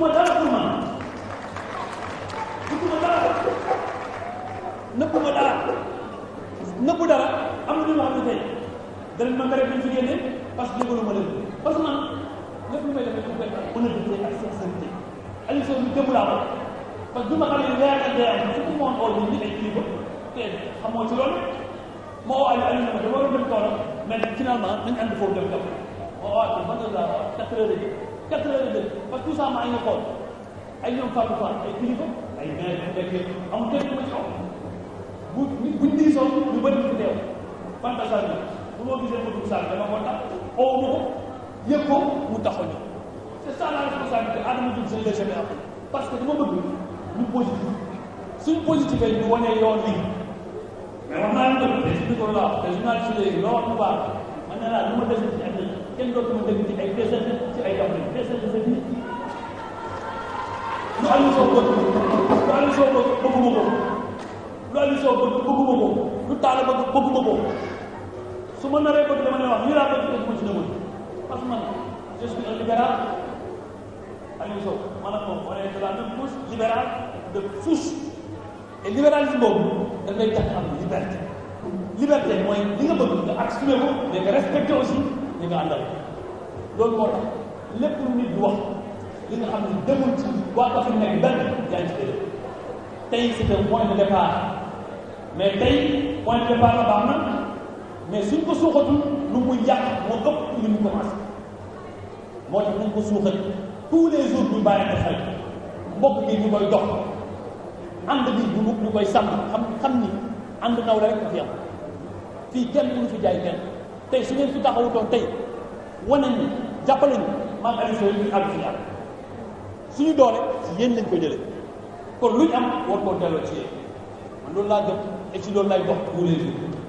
wutuma dara pour man wutuma dara nëbbuma dara nëbbu dara am na ñoo xam ne tey danañ ma mere biñ fi génne parce que yëgaluma leen parce que man lépp lu may defee pour béykat mën a dundee ak sincérité Aliou Sow ñu déglu laa ko parce que du ma xam ne weer ak weer am surtout moom oo ñu ay kilifa te xamoo ci loolu ma oo Aliou Aliou dama war a dem toolam mais finalement nañ ànd foofu dem dem ma oo Aliou man de la quatre heures quatre heures de parce que tout ça maa ngi xool ay ñoom Fatou Fall ay kilifa ay maire yu nekk yëpp amul kenn ma ci sa bu buñ diisoo ñu bëri ñu teew Fanta Sall bi bu ma gisee Modou Sall dama ko tax oo ma ko yëg ko mu taxaw ñu c'est ça la responsabilité Adama Diouf seen léegi bi am parce que dama bëgg ñu positif suñ positif ñu wane yoon lii mais wax naa la dëgg des micro la mu ne laa lu ma def ci ak ay décennies ci religion bëgg bëgguma ko lu taala bëgg bëgguma ko su ma naree bëgg dama ne wax lii laa bëgg bëgguma ci dama parce que man je suis un libéral Aliou Sow maanaam moom on est de la même couche libéral de souche et libéralisme boobu daf lay tax am liberté liberté mooy li nga bëgg nga assumer ko mais nga respecté aussi li nga àndal loolu moo tax lépp lu nit di wax li nga xam ne demul ci waa dafa nekk benn yaa ngi ci dëgg tey c'était le point de départ mais tey point de départ la baax na mais suñ ko suuxatul lu muy yàq moo ëpp lu ñu commencé moo tax nañ ko suuxat tous les jours ñu bàyyi ko xel mbokk bi ñu koy dox ànd bi ñu ñu koy sàmm xam xam ni ànd naw la rek a fi am fii kenn mënu fi jaay kenn tey su ngeen fi taxawutoon tey wane ñu jàppale ñu maam Aliou yi ñu àgg fi am suñu doole ci yéen lañ ko jëlee kon luñ am war koo delloo ci yéen man loolu laa gëm et ci loolu lay dox tous les jours